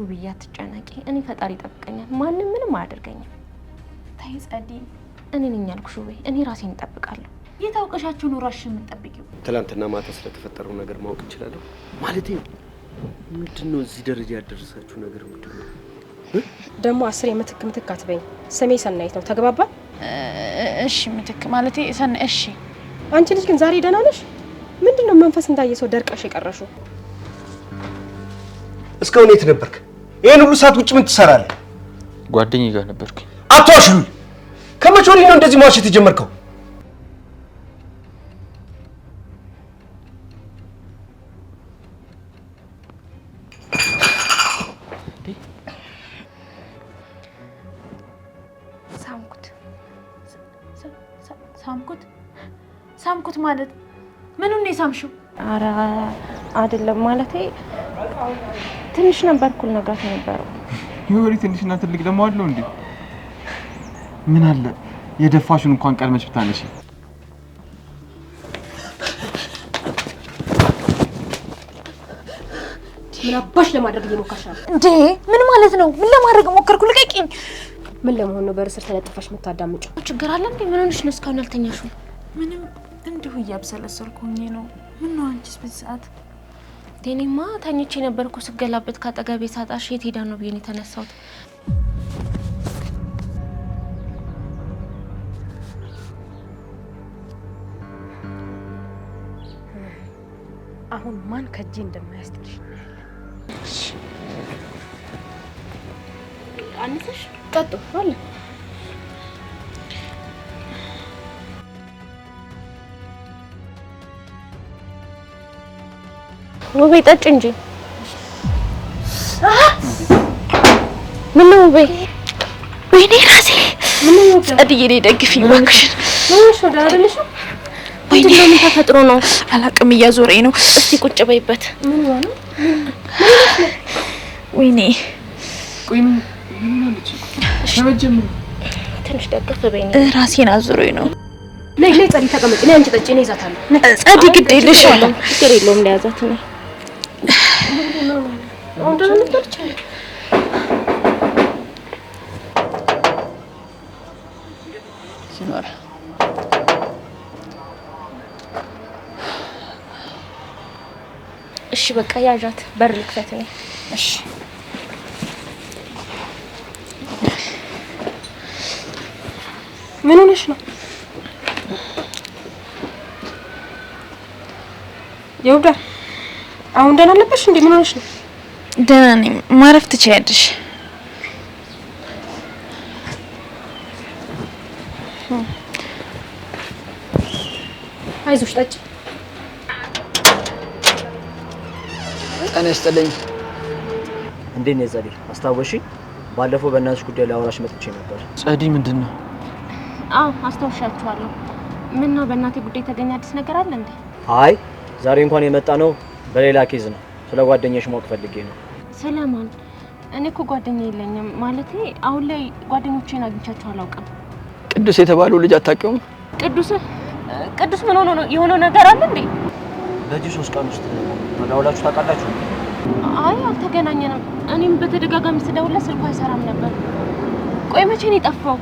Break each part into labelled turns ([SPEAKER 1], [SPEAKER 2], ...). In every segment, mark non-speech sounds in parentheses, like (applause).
[SPEAKER 1] ውብዬ አትጨነቂ፣ እኔ ፈጣሪ ይጠብቀኛል፣ ማንም ምንም አያደርገኝም።
[SPEAKER 2] ተይ ጸዲ፣ እኔ ነኝ ያልኩሽ ውቤ፣ እኔ ራሴን እጠብቃለሁ።
[SPEAKER 1] የታውቀሻችሁ ነው ራስሽ የምትጠብቂው።
[SPEAKER 3] ትላንትና ማታ ስለተፈጠረው ነገር ማወቅ እችላለሁ ማለት ነው። ምንድን ነው እዚህ ደረጃ ያደረሳችሁ ነገር ምንድን ነው?
[SPEAKER 1] ደግሞ አስር የምትክ ምትክ አትበኝ፣ ስሜ ሰናይት ነው። ተግባባ?
[SPEAKER 2] እሺ ምትክ ማለት ሰና። እሺ
[SPEAKER 1] አንቺ ልጅ ግን ዛሬ ደህና ነሽ? ምንድን ነው መንፈስ እንዳየ ሰው ደርቀሽ የቀረሽው?
[SPEAKER 3] እስካሁን የት ነበርክ? ይህን ሁሉ ሰዓት ውጭ ምን ትሰራለህ?
[SPEAKER 4] ጓደኛዬ ጋር ነበርክ።
[SPEAKER 3] አትዋሽሉ። ከመቼ ወዲህ ነው እንደዚህ መዋሸት የጀመርከው?
[SPEAKER 2] ሳምኩት ሳምኩት ማለት ምኑን ነው የሳምሽው?
[SPEAKER 1] ኧረ አይደለም ማለቴ ትንሽ ነበር እኩል ነጋት ነበረው።
[SPEAKER 4] ይህ ወሬ ትንሽና ትልቅ ደግሞ አለው እንዴ? ምን አለ የደፋሹን እንኳን ቀድመሽ ብታነሺ።
[SPEAKER 1] ምን አባሽ ለማድረግ እየሞከርሽ ነው
[SPEAKER 2] እንዴ? ምን ማለት ነው? ምን ለማድረግ ሞከርኩ? ልቀቂኝ።
[SPEAKER 1] ምን ለመሆን ነው በእስር ተለጥፈሽ የምታዳምጪው?
[SPEAKER 2] ችግር አለ እንዴ? ምን ሆነሽ ነው እስካሁን ያልተኛሽው? ምንም እንዲሁ እያብሰለሰልኩኝ ነው። ምን ነው አንቺስ በዚህ ሰዓት እኔማ ተኝቼ የነበርኩ ስገላበት ካጠገቤ ሳጣሽ የት ሄዳ ነው ብዬን ነው የተነሳሁት። አሁን ማን ከእጄ እንደማያስጥልሽ እናያለን። አንሰሽ ቀጡ አለ ውቤ ጠጭ እንጂ ምነው ውቤ? ወይኔ ራሴ ጸድዬ፣ እኔ ደግፊኝ እባክሽን። ወይኔ ምን ተፈጥሮ ነው አላቅም እያዞረኝ ነው።
[SPEAKER 1] እስቲ ቁጭ በይበት። ወይኔ ትንሽ ደገፍ በይኝ።
[SPEAKER 2] ራሴን አዞረኝ ነው።
[SPEAKER 1] ነይ ነይ፣ ጸዲ ተቀመጪ። ነይ አንቺ ጠጪ፣ እኔ እይዛታለሁ።
[SPEAKER 2] ጸዲ ግድ የለሽም። ግድ የለውም፣ ለያዛት ነው እሺ በቃ ያዣት፣ በር ልክፈት ነው።
[SPEAKER 4] እሺ ምን ሆነሽ ነው? የውዳ አሁን ደህና አለበሽ እንዴ? ምን ሆነሽ ነው?
[SPEAKER 2] ደህና ነኝ። ማረፍ ትችያለሽ።
[SPEAKER 1] አይዞሽ፣ ጠጪ።
[SPEAKER 3] ጤና ይስጥልኝ። እንዴት ነው ጸዴ? አስታወሽኝ? ባለፈው በእናትሽ ጉዳይ ላወራሽ መጥቼ ነበር።
[SPEAKER 4] ጸዴ፣ ምንድን ነው?
[SPEAKER 1] አዎ አስታውሻችኋለሁ። ምን ነው በእናቴ ጉዳይ የተገኘ አዲስ ነገር አለ እንዴ?
[SPEAKER 3] አይ ዛሬ እንኳን የመጣ ነው በሌላ ኬዝ ነው። ስለ ጓደኛሽ ማወቅ ፈልጌ ነው።
[SPEAKER 2] ሰላማን እኔ እኮ ጓደኛ የለኝም ማለት አሁን ላይ ጓደኞቼን አግኝቻቸው አላውቅም።
[SPEAKER 4] ቅዱስ የተባለው ልጅ አታውቂውም?
[SPEAKER 2] ቅዱስ ቅዱስ ምን ሆኖ ነው? የሆነው ነገር አለ እንዴ?
[SPEAKER 3] በዚህ ሶስት ቀን ውስጥ ተደዋውላችሁ ታውቃላችሁ?
[SPEAKER 2] አይ አልተገናኘንም። እኔም በተደጋጋሚ ስደውልለት ስልኩ አይሰራም ነበር። ቆይ መቼ ነው የጠፋው?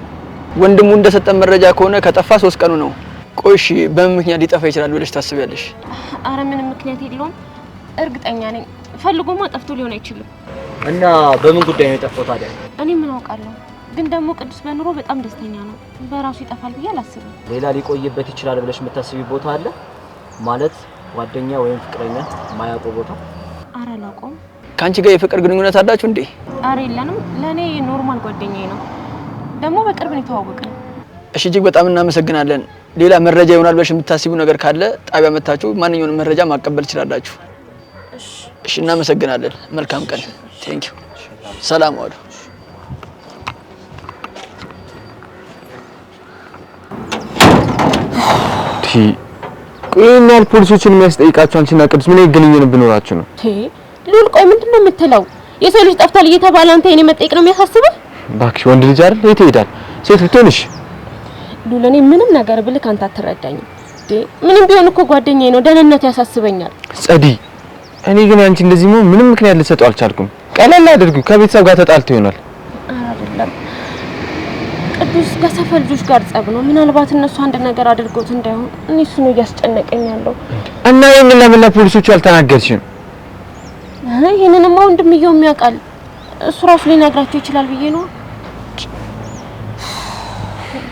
[SPEAKER 4] ወንድሙ እንደሰጠን መረጃ ከሆነ ከጠፋ ሶስት ቀኑ ነው። ቆይ እሺ፣ በምን ምክንያት ሊጠፋ ይችላል ብለሽ ታስቢያለሽ?
[SPEAKER 2] አረ ምንም ምክንያት የለውም፣ እርግጠኛ ነኝ ፈልጎማ ጠፍቶ ሊሆን አይችልም።
[SPEAKER 3] እና በምን ጉዳይ ነው የጠፋው ታዲያ?
[SPEAKER 2] እኔ ምን አውቃለሁ። ግን ደግሞ ቅዱስ በኑሮ በጣም ደስተኛ ነው። በራሱ ይጠፋል ብዬ አላስብም።
[SPEAKER 3] ሌላ ሊቆይበት ይችላል ብለሽ የምታስቢ ቦታ አለ ማለት? ጓደኛ ወይም ፍቅረኛ ማያውቁ ቦታ?
[SPEAKER 2] አረ አላውቀውም።
[SPEAKER 4] ከአንቺ ጋር የፍቅር ግንኙነት አላችሁ እንዴ?
[SPEAKER 2] አረ የለንም። ለእኔ ኖርማል ጓደኛዬ ነው። ደግሞ በቅርብ ነው የተዋወቅነው።
[SPEAKER 4] እሺ፣ እጅግ በጣም እናመሰግናለን። ሌላ መረጃ ይሆናል ብለሽ የምታስቡ ነገር ካለ ጣቢያ መታችሁ ማንኛውንም መረጃ ማቀበል ትችላላችሁ። እሺ፣ እናመሰግናለን። መልካም ቀን። ቴንክ ዩ። ሰላም ዋሉ። ቆይና ፖሊሶችን የሚያስጠይቃቸው አንቺና ቅዱስ ምን ግንኙነት ብኖራችሁ ነው?
[SPEAKER 1] ሉል ቆይ፣ ምንድን ነው የምትለው? የሰው ልጅ ጠፍቷል እየተባለ አንተ የኔ መጠየቅ ነው የሚያሳስበው?
[SPEAKER 4] እባክሽ ወንድ ልጅ አይደል? የት ይሄዳል? ሴት ልትሆንሽ።
[SPEAKER 1] ሉል፣ እኔ ምንም ነገር ብልክ አንተ አትረዳኝም። ምንም ቢሆን እኮ ጓደኛዬ ነው፣ ደህንነቱ ያሳስበኛል።
[SPEAKER 4] ጸዲ እኔ ግን አንቺ እንደዚህ መሆን ምንም ምክንያት ልሰጠው አልቻልኩም። ቀለል አድርጉ ከቤተሰብ ጋር ተጣልቶ ይሆናል።
[SPEAKER 2] አይደለም ቅዱስ ከሰፈር ልጆች ጋር ጸብ ነው። ምናልባት እነሱ አንድ ነገር አድርጎት እንዳይሆን እኔ እሱ ነው እያስጨነቀኝ ያለው
[SPEAKER 4] እና ይህንን ለምን ለፖሊሶቹ አልተናገርሽም?
[SPEAKER 2] ይህንንማ ወንድምየው የሚያውቃል። እሱ ራሱ ሊነግራቸው ይችላል ብዬ ነው።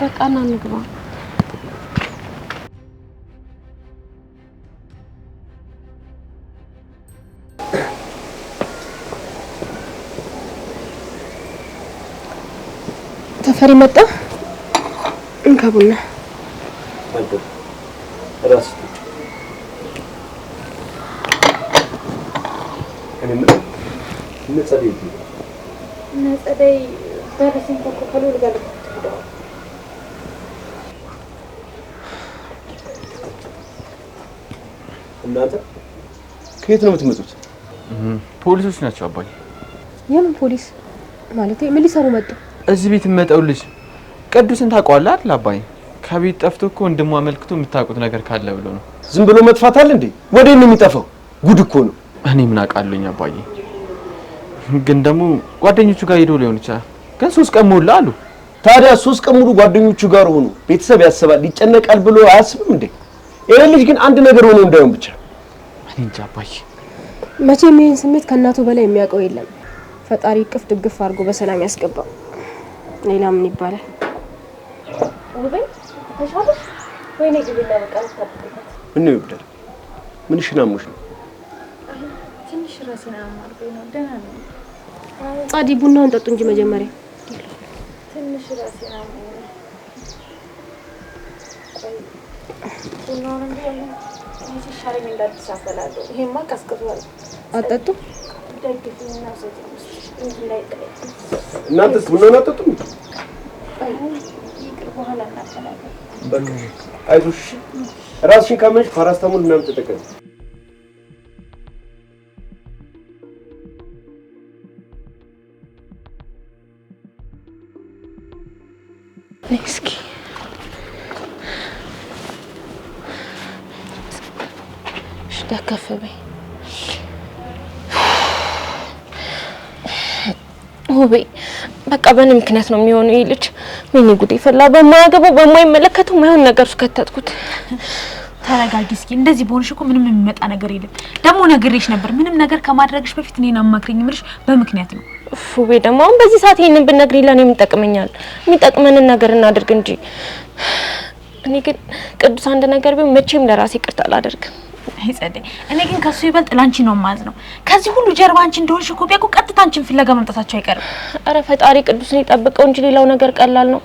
[SPEAKER 2] በቃ እና እንግባ። ሰፈር መጣ እንከቡና
[SPEAKER 3] እናንተ ከየት ነው የምትመጡት?
[SPEAKER 4] ፖሊሶች ናቸው አባዬ።
[SPEAKER 2] የምን ፖሊስ ማለቴ ምን ሊሰሩ መጡ?
[SPEAKER 4] እዚህ ቤት የምመጣው ልጅ ቅዱስን ታውቀዋለህ አይደል? አባዬ ከቤት ጠፍቶ እኮ ወንድሟ አመልክቶ የምታውቁት ነገር ካለ ብሎ ነው።
[SPEAKER 3] ዝም ብሎ መጥፋት አለ እንዴ? ወዴ ነው የሚጠፋው? ጉድ እኮ ነው።
[SPEAKER 4] እኔ ምን አውቃለሁኝ አባዬ። ግን ደግሞ ጓደኞቹ ጋር ሄዶ ሊሆን ይችላል። ግን ሶስት ቀን ሞላ አሉ።
[SPEAKER 3] ታዲያ ሶስት ቀን ሙሉ ጓደኞቹ ጋር ሆኖ ቤተሰብ ያስባል ይጨነቃል ብሎ አያስብም እንዴ? ይሄ ልጅ ግን አንድ ነገር ሆኖ እንዳይሆን ብቻ።
[SPEAKER 4] እኔ እንጃ አባዬ።
[SPEAKER 2] መቼም ይህን ስሜት ከእናቱ በላይ የሚያውቀው የለም። ፈጣሪ ቅፍ ድግፍ አድርጎ በሰላም ያስገባው። ሌላ ምን ይባላል?
[SPEAKER 1] ውቤ ተሻለሽ?
[SPEAKER 3] ምን ምን ሽናሙሽ ነው?
[SPEAKER 2] ትንሽ ራሴን አማርበኝ ነው። ደህና ነው።
[SPEAKER 1] ጻዲ ቡናውን ጠጡ እንጂ መጀመሪያ
[SPEAKER 2] ትንሽ ራሴን አማርበኝ ነው። ቡናውን እንዴ ይሻለኝ እንዳትሳፈላለሁ። ይሄማ ቀዝቅዟል።
[SPEAKER 1] አጠጡ ደግፍኝና ሰጥኝ
[SPEAKER 3] እናንተስ ቡናውን አጠጡም? አይዞሽ፣ እራስሽን ካመንሽ ፓራስታሙን ምናምን ተጠቀም
[SPEAKER 2] በቃ በእኔ ምክንያት ነው የሚሆነው። ይሄ ልጅ ወይኔ ጉዴ ፈላ። በማያገባው በማይመለከተው ማይሆን ነገር ውስጥ ከተትኩት።
[SPEAKER 1] ተረጋጊ እስኪ። እንደዚህ በሆንሽ እኮ ምንም የሚመጣ ነገር የለም። ደግሞ ነግሬሽ ነበር፣ ምንም ነገር ከማድረግሽ በፊት እኔን አማክሪኝ የምልሽ በምክንያት ነው።
[SPEAKER 2] ፉቤ ደግሞ አሁን በዚህ ሰዓት ይሄንን ብነግሪኝ ለእኔ የምጠቅመኛል። የሚጠቅመንን ነገር እናድርግ እንጂ እኔ ግን ቅዱስ አንድ ነገር ቢሆን መቼም ለራሴ ይቅርታ አላደርግም።
[SPEAKER 1] ጸደይ፣ እኔ ግን ከሱ ይበልጥ ላንቺ ነው ማዝ ነው። ከዚህ ሁሉ ጀርባ አንቺ እንደሆንሽ እኮ ቢያውቁ ቀጥታ አንቺን ፍለጋ መምጣታቸው አይቀርም።
[SPEAKER 2] አረ ፈጣሪ ቅዱስን ይጠብቀው እንጂ ሌላው ነገር ቀላል ነው።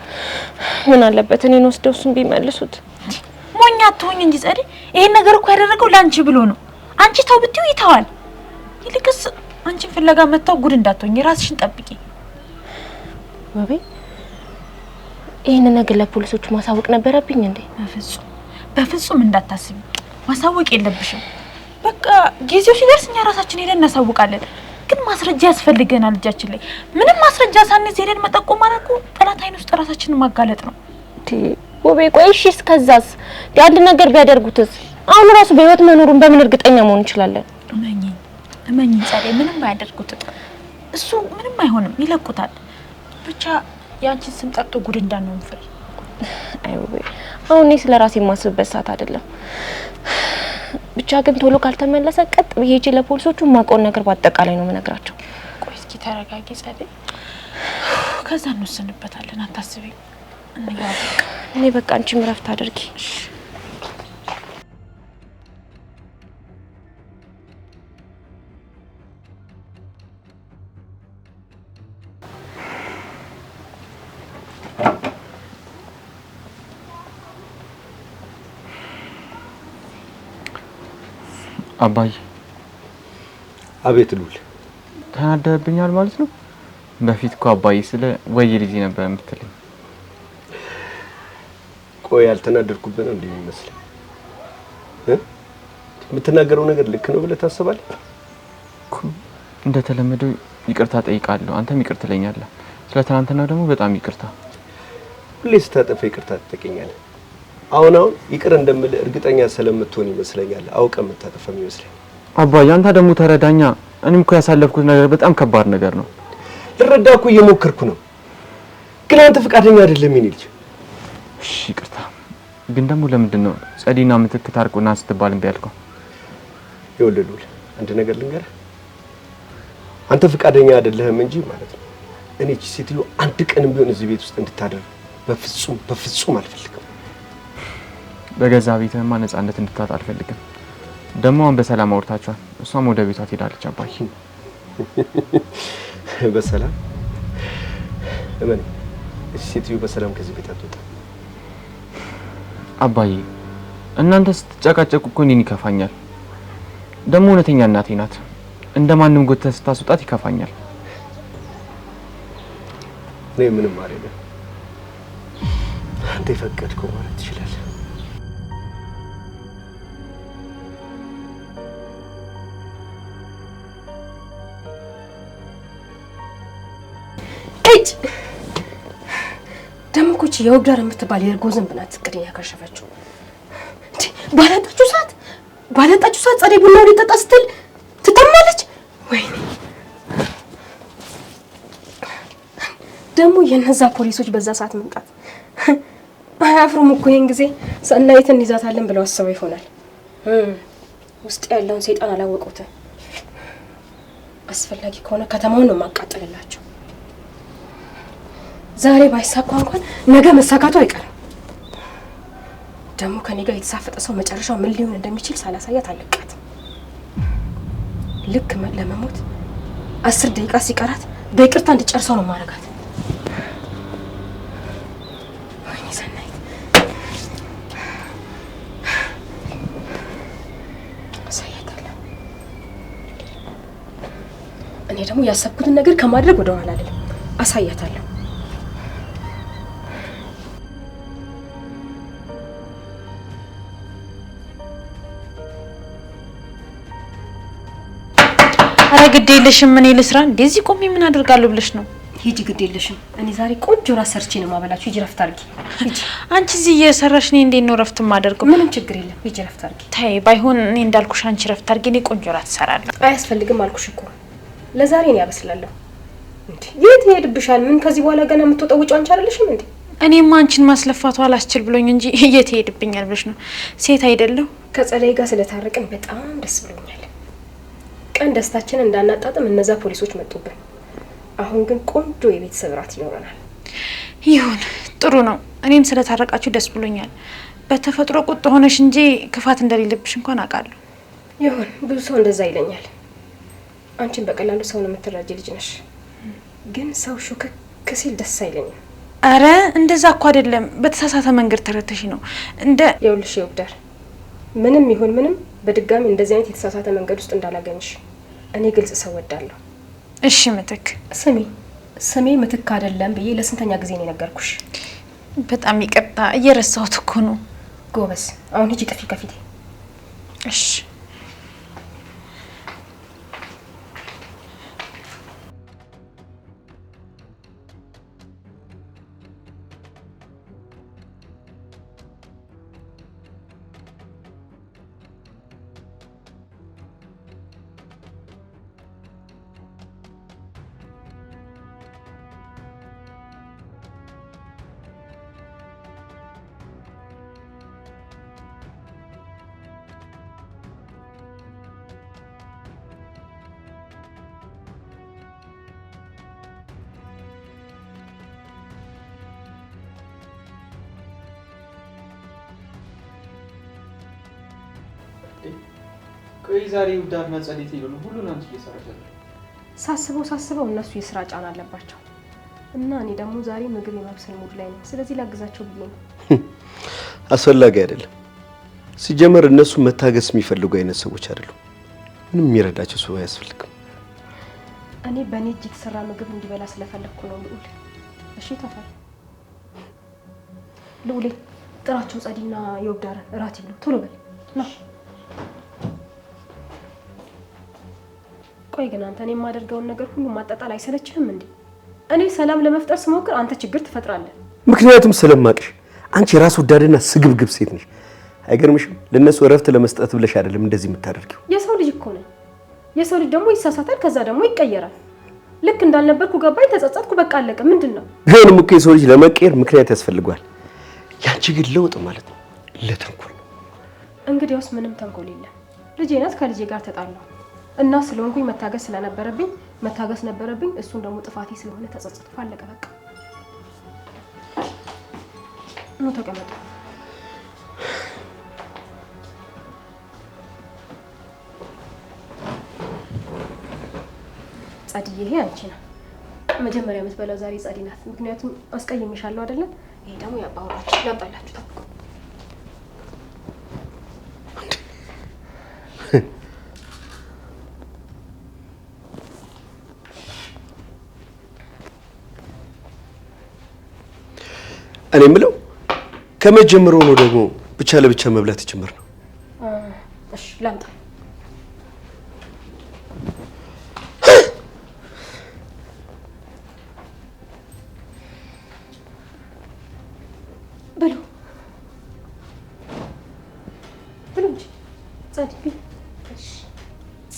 [SPEAKER 2] ምን አለበት እኔን ወስደው እሱን ቢመልሱት።
[SPEAKER 1] ሞኛ አትሆኝ እንጂ ጸደይ፣ ይሄን ነገር እኮ ያደረገው ላንቺ ብሎ ነው። አንቺ ተው ብትይው ይተዋል። ይልቅስ አንቺን ፍለጋ መጥተው ጉድ እንዳትሆኝ ራስሽን ጠብቂ።
[SPEAKER 2] ወቤ ይሄን ነገር ለፖሊሶቹ ማሳወቅ ነበረብኝ እንዴ?
[SPEAKER 1] በፍጹም በፍጹም እንዳታስቢ ማሳወቅ የለብሽም። በቃ ጊዜው ሲደርስ እኛ ራሳችን ሄደን እናሳውቃለን። ግን ማስረጃ ያስፈልገናል። እጃችን ላይ ምንም ማስረጃ ሳንይዝ ሄደን መጠቆም ማድረጉ ጠላት አይን ውስጥ ራሳችንን ማጋለጥ ነው።
[SPEAKER 2] ውቤ ቆይ እሺ፣ እስከዛስ አንድ ነገር ቢያደርጉትስ? አሁን ራሱ በህይወት መኖሩን በምን እርግጠኛ መሆን እንችላለን?
[SPEAKER 1] እመኝኝ እመኝኝ ጸዴ፣ ምንም ባያደርጉትም እሱ ምንም አይሆንም፣ ይለቁታል። ብቻ የአንቺን ስም ጠርቶ ጉድ እንዳንሆን ፍሬ።
[SPEAKER 2] አይ ውቤ፣ አሁን እኔ ስለ ራሴ የማስብበት ሰዓት አይደለም። ብቻ ግን ቶሎ ካልተመለሰ ቀጥ ብዬ ሄጄ ለፖሊሶቹ ማቆን ነገር በአጠቃላይ ነው የምነግራቸው።
[SPEAKER 1] ቆይ እስኪ ተረጋጊ ጸደይ፣ ከዛ እንወስንበታለን። አታስቢ።
[SPEAKER 2] እኔ በቃ አንቺም እረፍት አድርጊ።
[SPEAKER 4] አባዬ አቤት ሉል ተናደብኛል ማለት ነው በፊት እኮ አባዬ ስለ ወይ ልጅ ነበር የምትለኝ
[SPEAKER 3] ቆይ ያልተናደድኩበት ነው እንዴ የሚመስለኝ የምትናገረው ነገር ልክ ነው ብለህ ታስባለህ
[SPEAKER 4] እንደተለመደው ይቅርታ ጠይቃለሁ አንተም ይቅር ትለኛለህ ስለ ትናንትናው ደግሞ በጣም ይቅርታ
[SPEAKER 3] ሁሌ ስታጠፋ ይቅርታ ትጠይቀኛለህ አሁን አሁን ይቅር እንደምል እርግጠኛ ስለምትሆን ይመስለኛል። አውቀ የምታጠፈም ይመስለኛል።
[SPEAKER 4] አባዬ አንተ ደግሞ ተረዳኛ። እኔም እኮ ያሳለፍኩት ነገር በጣም ከባድ ነገር ነው።
[SPEAKER 3] ልረዳ እኮ እየሞከርኩ ነው፣ ግን አንተ ፈቃደኛ አይደለም። ይኔ ልጅ
[SPEAKER 4] እሺ፣ ይቅርታ። ግን ደግሞ ለምንድን ነው ጸዲና ምትክ ታርቁና ስትባል እምቢ ያልከው?
[SPEAKER 3] ይወልዱል አንድ ነገር ልንገርህ፣ አንተ ፈቃደኛ አይደለህም እንጂ ማለት ነው። እኔ ሴትዮ አንድ ቀንም ቢሆን እዚህ ቤት ውስጥ እንድታደርግ በፍጹም በፍጹም አልፈልግም።
[SPEAKER 4] በገዛ ቤትህማ ነፃነት እንድትላት አልፈልግም። ደግሞ አሁን በሰላም አውርታችኋል። እሷም ወደ ቤቷ ትሄዳለች። አባይ
[SPEAKER 3] (laughs) በሰላም እመን። እሺ ሴትዮ በሰላም ከዚህ ቤት አትወጣም።
[SPEAKER 4] አባዬ እናንተ ስትጨቃጨቁ እኮ እኔን ይከፋኛል። ደግሞ እውነተኛ እናቴ ናት። እንደ ማንም ጎተ ስታስወጣት ይከፋኛል።
[SPEAKER 3] እኔ ምንም አይደለም። አንተ የፈቀድከው ማለት ትችላለህ።
[SPEAKER 1] ልጅ ደግሞ እኮ ይህች የወግዳር የምትባል የእርጎ ዝንብ ናት እቅዴን ያከሸፈችው። ባለጣችሁ ሰዓት ባለጣችሁ ሰዓት ጸደይ ቡና ሊጠጣ ስትል ትጠማለች። ወይኔ ደግሞ የነዛ ፖሊሶች በዛ ሰዓት መምጣት አያፍሩም እኮ። ይህን ጊዜ ሰናይትን እንይዛታለን ብለው አስበው ይሆናል። ውስጥ ያለውን ሰይጣን አላወቁትም። አስፈላጊ ከሆነ ከተማውን ነው የማቃጥልላቸው። ዛሬ ባይሳካ እንኳን ነገ መሳካቱ አይቀርም። ደግሞ ከኔ ጋር የተሳፈጠ ሰው መጨረሻው ምን ሊሆን እንደሚችል ሳላሳያት አለቃት። ልክ ለመሞት አስር ደቂቃ ሲቀራት በይቅርታ እንድጨርሰው ነው ማረጋት። እኔ ደግሞ ያሰብኩትን ነገር ከማድረግ ወደኋላ አልልም። አሳያታለሁ
[SPEAKER 2] አረ ግድ የለሽም እኔ ልስራ እንዴ እዚህ ቆሜ ምን አደርጋለሁ ብለሽ ነው?
[SPEAKER 1] ሂጂ ግድ የለሽም እኔ ዛሬ ቆንጆ ራስ ሰርቼ ነው የማበላችሁ። ሂጂ ረፍት አድርጊ።
[SPEAKER 2] አንቺ እዚህ እየሰራሽ እኔ እንዴት ነው ረፍት የማደርገው?
[SPEAKER 1] ምንም ችግር የለም ሂጂ ረፍት አድርጊ።
[SPEAKER 2] ተይ ባይሆን እኔ እንዳልኩሽ አንቺ ረፍት አድርጊ፣ እኔ ቆንጆ ራት እሰራለሁ።
[SPEAKER 1] አያስፈልግም አልኩሽ እኮ ለዛሬ እኔ ያበስላለሁ። እንዴ የት ይሄድብሻል? ምን ከዚህ በኋላ ገና የምትወጣው ወጪ አንቺ አይደለሽም እንዴ?
[SPEAKER 2] እኔማ አንቺን ማስለፋቱ አላስችል ብሎኝ እንጂ (laughs) የት ይሄድብኛል ብለሽ ነው? ሴት አይደለሁ።
[SPEAKER 1] ከጸለይ ጋር ስለታረቅን በጣም ደስ ብሎኛል። ቀን ደስታችንን እንዳናጣጥም እነዛ ፖሊሶች መጡብን። አሁን ግን ቆንጆ የቤተሰብ ራት ይኖረናል።
[SPEAKER 2] ይሁን ጥሩ ነው። እኔም ስለታረቃችሁ ደስ ብሎኛል። በተፈጥሮ ቁጥ ሆነሽ እንጂ ክፋት እንደሌለብሽ እንኳን አውቃለሁ።
[SPEAKER 1] ይሁን ብዙ ሰው እንደዛ ይለኛል። አንቺን በቀላሉ ሰውን የምትረጅ ልጅ ነሽ፣ ግን ሰው ሹክክ ሲል ደስ አይለኝም።
[SPEAKER 2] አረ እንደዛ እኮ አይደለም። በተሳሳተ መንገድ ተረተሽ ነው
[SPEAKER 1] እንደ የውልሽ የውብዳር ምንም ይሁን ምንም በድጋሚ እንደዚህ አይነት የተሳሳተ መንገድ ውስጥ እንዳላገኝሽ። እኔ ግልጽ ሰው ወዳለሁ። እሺ ምትክ፣ ስሜ ስሜ ምትክ አይደለም ብዬ ለስንተኛ ጊዜ ነው የነገርኩሽ?
[SPEAKER 2] በጣም ይቅርታ፣ እየረሳሁት እኮ ነው።
[SPEAKER 1] ጎበስ፣ አሁን ሂጂ፣ ጥፊ ከፊቴ።
[SPEAKER 2] እሺ
[SPEAKER 3] ቆይ ዛሬ ውዳር መጸሌት ሄዶ ነው ሁሉን አንቺ ያለ።
[SPEAKER 1] ሳስበው ሳስበው እነሱ የስራ ጫና አለባቸው እና እኔ ደግሞ ዛሬ ምግብ የማብሰል ሙድ ላይ ነኝ። ስለዚህ ላግዛቸው ብዬ ነው። (laughs)
[SPEAKER 3] አስፈላጊ አይደለም። ሲጀመር እነሱ መታገስ የሚፈልጉ አይነት ሰዎች አይደሉም። ምንም የሚረዳቸው ሰው አያስፈልግም።
[SPEAKER 1] እኔ በእኔ እጅ የተሰራ ምግብ እንዲበላ ስለፈለግኩ ነው ልዑል። እሺ ተፈል ልዑሌ፣ ጥራቸው ጸዲና የወብዳር እራት ይብሉ። ቶሎ በል ነው ቆይ ግን አንተ እኔ የማደርገውን ነገር ሁሉ ማጣጣል አይሰለችህም እንዴ? እኔ ሰላም ለመፍጠር ስሞክር አንተ ችግር ትፈጥራለህ።
[SPEAKER 3] ምክንያቱም ስለማቅሽ አንቺ ራስ ወዳድና ስግብግብ ሴት ነሽ። አይገርምሽም? ለእነሱ እረፍት ለመስጠት ብለሽ አይደለም እንደዚህ የምታደርጊው።
[SPEAKER 1] የሰው ልጅ እኮ ነኝ። የሰው ልጅ ደግሞ ይሳሳታል፣ ከዛ ደግሞ ይቀየራል። ልክ እንዳልነበርኩ ገባኝ፣ ተጸጸትኩ፣ በቃ አለቀ። ምንድን ነው
[SPEAKER 3] ቢሆንም እኮ የሰው ልጅ ለመቀየር ምክንያት ያስፈልገዋል። ያንቺ ግን ለውጥ ማለት ነው ለተንኮል
[SPEAKER 1] እንግዲያውስ ምንም ተንኮል የለም። ልጄ ናት፣ ከልጄ ጋር ተጣላሁ። እና ስለሆንኩኝ መታገስ ስለነበረብኝ መታገስ ነበረብኝ። እሱን ደግሞ ጥፋቴ ስለሆነ ተጸጽቶ አለቀ። በቃ ኑ ተቀመጡ። ጸድዬ፣ ይሄ አንቺ ነው መጀመሪያ የምትበላው ዛሬ ጸዲ ናት። ምክንያቱም አስቀይሜሻለሁ አይደለም? ይሄ ደግሞ ያባውራችሁ ያጣላችሁ
[SPEAKER 3] እኔ የምለው ከመጀመሩ ነው ደግሞ ብቻ ለብቻ መብላት ጀምር ነው።
[SPEAKER 1] እሺ ላምጣ።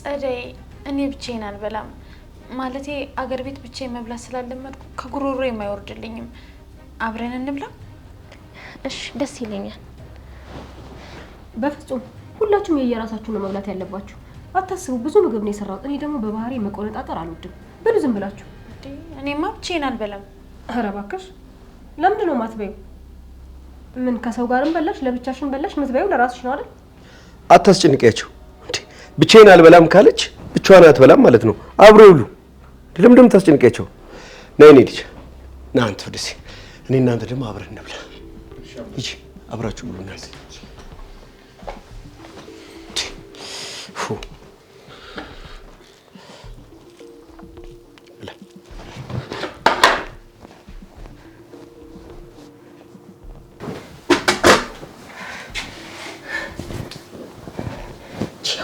[SPEAKER 2] ጸደይ፣ እኔ ብቻዬን አልበላም። ማለቴ አገር ቤት ብቻዬን መብላት ስላለመድኩ ከጉሮሮ የማይወርድልኝም አብረን እንብላ።
[SPEAKER 1] እሺ፣ ደስ ይለኛል። በፍጹም ሁላችሁም የየራሳችሁ ነው መብላት ያለባችሁ። አታስቡ፣ ብዙ ምግብ ነው የሰራሁት። እኔ ደግሞ በባህሪ መቆነጣጠር አልወድም። ብሉ ዝም ብላችሁ።
[SPEAKER 2] እኔማ ብቻዬን አልበላም።
[SPEAKER 1] ኧረ እባክሽ ለምንድን ነው የማትበይው? ምን ከሰው ጋርም በላሽ ለብቻሽን በላሽ፣ የምትበይው ለራስሽ ነው አይደል?
[SPEAKER 3] አታስጨንቂያቸው። ብቻዬን አልበላም ካለች ብቻዋን አትበላም ማለት ነው። አብሮ ይብሉ። ለምንድን ነው የምታስጨንቂያቸው? ነይ እኔ ልጅ ና አንተ ወደዚህ እኔ እናንተ ደግሞ አብረን እንብላ። ይቺ አብራችሁ ብሉ እናንተ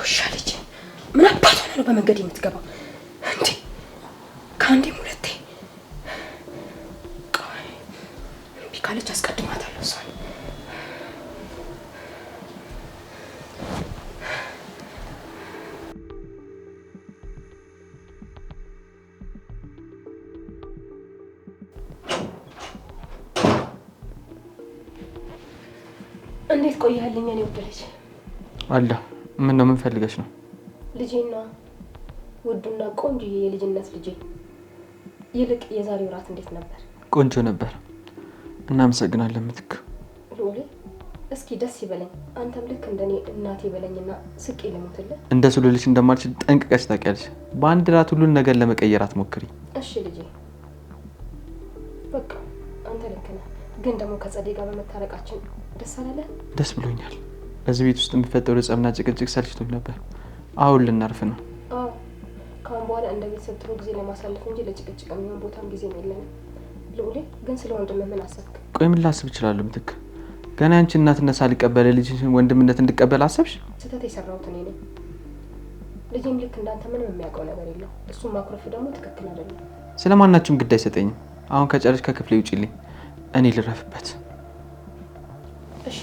[SPEAKER 1] ውሻ ልጅ ምን አባት ነው በመንገድ የምትገባው እንዴ? ከአንዴም ካለች አስቀድማታለሁ። እሷን እንዴት ቆያልኝ? እኔ ውድ ልጅ
[SPEAKER 4] አለ። ምን ነው? ምን ነው?
[SPEAKER 1] ልጄና ውዱና ቆንጆዬ የልጅነት ልጄ፣ ይልቅ የዛሬው እራት እንዴት ነበር?
[SPEAKER 4] ቆንጆ ነበር። እናመሰግናለን ምትክ።
[SPEAKER 1] እስኪ ደስ ይበለኝ፣ አንተም ልክ እንደኔ እናቴ በለኝና ስቄ ልሙትልህ።
[SPEAKER 4] እንደሱ ልልሽ እንደማልችል ጠንቅቀሽ ታውቂያለሽ። በአንድ ራት ሁሉን ነገር ለመቀየር አትሞክሪ።
[SPEAKER 1] እሺ ልጄ፣ በቃ አንተ ልክ ነህ። ግን ደግሞ ከጸደይ ጋር በመታረቃችን ደስ አላለህ?
[SPEAKER 4] ደስ ብሎኛል። በዚህ ቤት ውስጥ የሚፈጠሩ ጸብና ጭቅጭቅ ሰልችቶኝ ነበር። አሁን ልናርፍ ነው።
[SPEAKER 1] አዎ፣ ከአሁን በኋላ እንደ ቤተሰብ ጥሩ ጊዜ ለማሳለፍ እንጂ ለጭቅጭቅ የሚሆን ቦታም ጊዜም የለንም። ልዑሌ ግን ስለ ወንድምህ ምን አሰብክ?
[SPEAKER 4] ቆይ ምን ላስብ እችላለሁ? ምትክ ገና ያንቺ እናትነት ሳልቀበለ ልጅሽን ወንድምነት እንድቀበል አሰብሽ?
[SPEAKER 1] ስህተት የሰራሁት እኔ ነኝ። ልጅም ልክ እንዳንተ ምንም የሚያውቀው ነገር የለው። እሱም ማኩረፍ ደግሞ ትክክል አይደለም።
[SPEAKER 4] ስለማናችሁም ግድ አይሰጠኝም። አሁን ከጨረሽ ከክፍሌ ውጭልኝ፣ እኔ ልረፍበት።
[SPEAKER 1] እሺ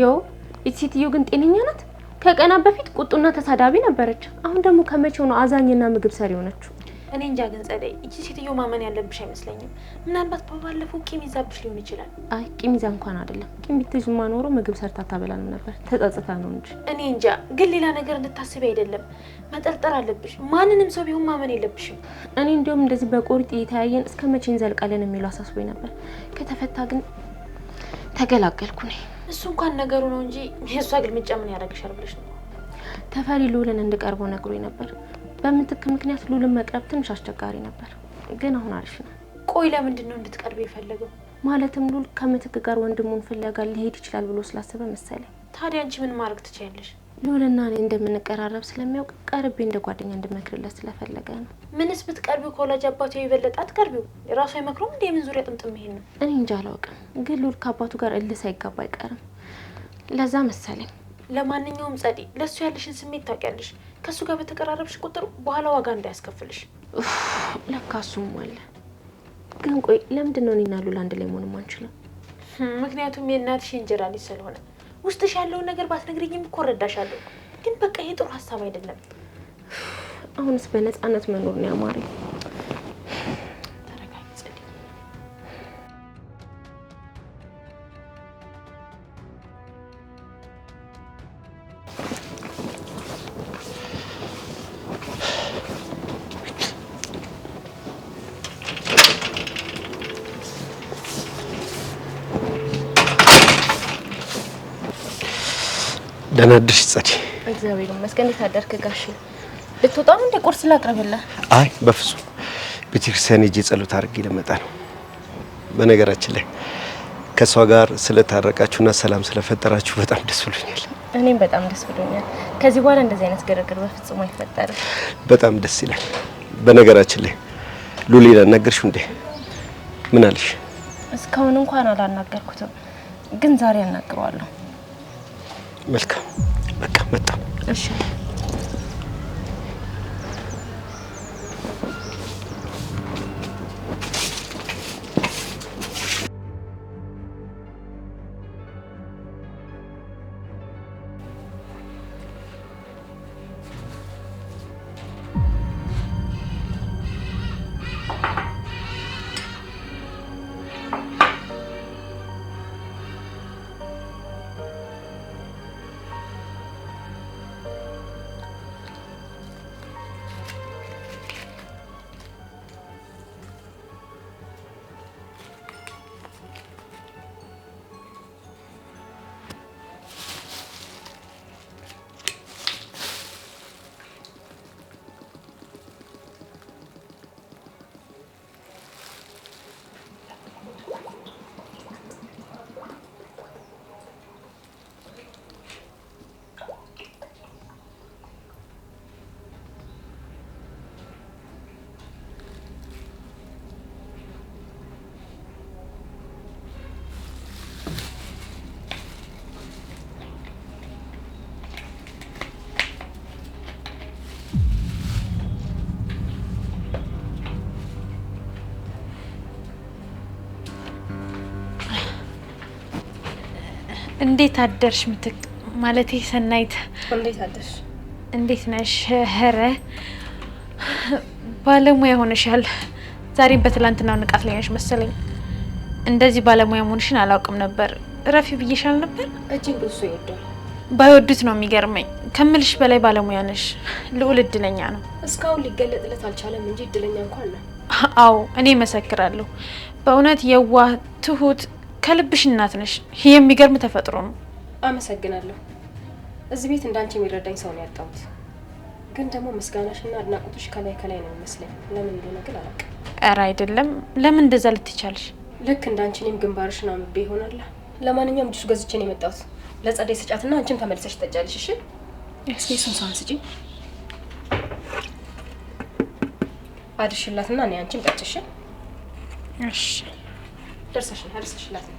[SPEAKER 2] ይኸው ይቺ ሴትዮ ግን ጤነኛ ናት? ከቀና በፊት ቁጡና ተሳዳቢ ነበረች። አሁን ደግሞ ከመቼ ሆኖ አዛኝና ምግብ ሰሪ ሆነችው? እኔ እንጃ ግን ጸደይ፣ እቺ ሴትዮ ማመን ያለብሽ አይመስለኝም። ምናልባት በባለፈው ቂም ይዛብሽ ሊሆን ይችላል።
[SPEAKER 1] አይ ቂም ይዛ እንኳን አይደለም። ቂም ቢትይዝማ ኖሮ ምግብ ሰርታ ታበላንም ነበር። ተጸጽታ ነው እንጂ።
[SPEAKER 2] እኔ እንጃ ግን ሌላ ነገር እንድታስቢ አይደለም፣ መጠርጠር አለብሽ። ማንንም ሰው ቢሆን ማመን የለብሽም።
[SPEAKER 1] እኔ እንዲሁም እንደዚህ በቆርጥ የተያየን እስከ መቼ እንዘልቃለን የሚለው አሳስቦኝ ነበር። ከተፈታ ግን ተገላገልኩ
[SPEAKER 2] እሱ እንኳን ነገሩ ነው እንጂ የእሷ ግልምጫ ምን ያደርግሻል ብለሽ ነው።
[SPEAKER 1] ተፈሪ ልውልን እንድቀርቦ ነግሮኝ ነበር። በምትክ ምክንያት ልውልን መቅረብ ትንሽ አስቸጋሪ ነበር፣ ግን አሁን አሪፍ ነው።
[SPEAKER 2] ቆይ ለምንድን ነው እንድትቀርብ የፈለገው?
[SPEAKER 1] ማለትም ሉል ከምትክ ጋር ወንድሙን ፍለጋ ሊሄድ ይችላል ብሎ ስላሰበ መሰለኝ።
[SPEAKER 2] ታዲያ አንቺ ምን ማድረግ ትችያለሽ?
[SPEAKER 1] ልዑልና እኔ እንደምንቀራረብ ስለሚያውቅ ቀርቤ እንደ ጓደኛ እንድመክርለት ስለፈለገ ነው።
[SPEAKER 2] ምንስ ብትቀርቢው ከወላጅ አባቱ የበለጠ አትቀርቢው። ራሱ አይመክሮም እንደ የምን ዙሪያ ጥምጥም ይሄን ነው።
[SPEAKER 1] እኔ እንጃ አላውቅም፣ ግን ልዑል ከአባቱ ጋር እልስ አይጋባ አይቀርም። ለዛ መሰለኝ።
[SPEAKER 2] ለማንኛውም ጸዲ፣ ለእሱ ያለሽን ስሜት ታውቂያለሽ። ከእሱ ጋር በተቀራረብሽ ቁጥር በኋላ ዋጋ እንዳያስከፍልሽ።
[SPEAKER 1] ለካ እሱም አለ። ግን ቆይ ለምንድን ነው እኔና ሉላ አንድ ላይ መሆንም አንችልም?
[SPEAKER 2] ምክንያቱም የእናትሽ እንጀራ ልጅ ስለሆነ ውስጥሽ ያለውን ነገር ባትነግሪኝም እኮ እረዳሻለሁ። ግን በቃ ይሄ ጥሩ ሀሳብ አይደለም።
[SPEAKER 1] አሁንስ በነፃነት መኖር ነው ያማረኝ።
[SPEAKER 3] ደህና አደርሽ ጸዴ።
[SPEAKER 2] እግዚአብሔር ይመስገን። እንዴት አደርክ ጋሽ? ልትወጣ ነው እንዴ? ቁርስ ላቅርብልህ?
[SPEAKER 3] አይ በፍጹም ቤተክርስቲያን ሄጄ ጸሎት አድርጌ ልመጣ ነው። በነገራችን ላይ ከእሷ ጋር ስለታረቃችሁና ሰላም ስለፈጠራችሁ በጣም ደስ ብሎኛል።
[SPEAKER 1] እኔም በጣም ደስ ብሎኛል። ከዚህ በኋላ እንደዚህ አይነት ግርግር በፍጹም አይፈጠርም።
[SPEAKER 3] በጣም ደስ ይላል። በነገራችን ላይ ሉሌን አናገርሽው እንዴ? ምን አለሽ?
[SPEAKER 1] እስካሁን እንኳን አላናገርኩትም፣ ግን ዛሬ አናግረዋለሁ።
[SPEAKER 3] መልካም በቃ መጣ።
[SPEAKER 1] እሺ
[SPEAKER 2] እንዴት አደርሽ ምትክ ማለት ሰናይት እንዴት አደርሽ እንዴት ነሽ ኧረ ባለሙያ ሆነሻል ዛሬ በትላንትናው ንቃት ላይ ነሽ መሰለኝ እንደዚህ ባለሙያ መሆንሽን አላውቅም ነበር እረፊ ብዬሻል ነበር
[SPEAKER 1] እጅግ ብዙ ይወዳል
[SPEAKER 2] ባይወዱት ነው የሚገርመኝ ከምልሽ በላይ ባለሙያ ነሽ ልዑል እድለኛ ነው
[SPEAKER 1] እስካሁን ሊገለጥለት አልቻለም እንጂ እድለኛ እንኳን ነው
[SPEAKER 2] አዎ እኔ መሰክራለሁ በእውነት የዋህ ትሁት ከልብሽ እናት ነሽ። ይህ የሚገርም ተፈጥሮ ነው።
[SPEAKER 1] አመሰግናለሁ። እዚህ ቤት እንዳንቺ የሚረዳኝ ሰው ነው ያጣሁት። ግን ደግሞ ምስጋናሽና አድናቆቶሽ ከላይ ከላይ ነው የሚመስለኝ። ለምን እንደሆነ ግን አላውቅም።
[SPEAKER 2] ኧረ አይደለም። ለምን እንደዛ ልትቻልሽ?
[SPEAKER 1] ልክ እንዳንቺ እኔም ግንባርሽን አምቤ ይሆናል። ለማንኛውም ጁስ ገዝቼ ነው የመጣሁት። ለጸደይ ስጫትና አንቺም ተመልሰሽ ትጠጫለሽ። እሺ? እስኪ እሱን ሰውን አድርሽላትና እኔ አንቺም ጠጭሽ። እሺ። ደርሰሽ ደርሰሽላት